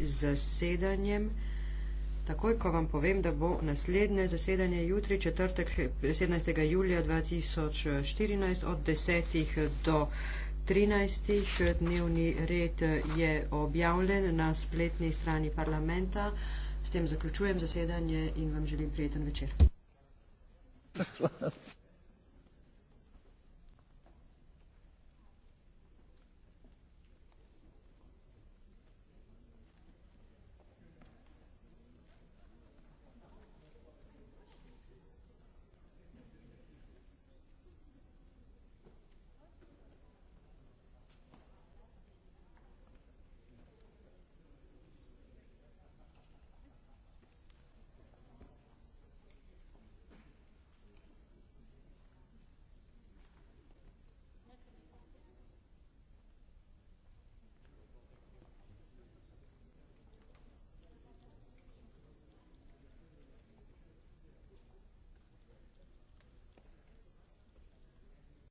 zasedanjem. Takoj, ko vam povem, da bo naslednje zasedanje jutri, četrtek 17. julija 2014 od 10. do 13. dnevni red je objavljen na spletni strani parlamenta. S tem zaključujem zasedanje in vam želim prijeten večer. Hvala.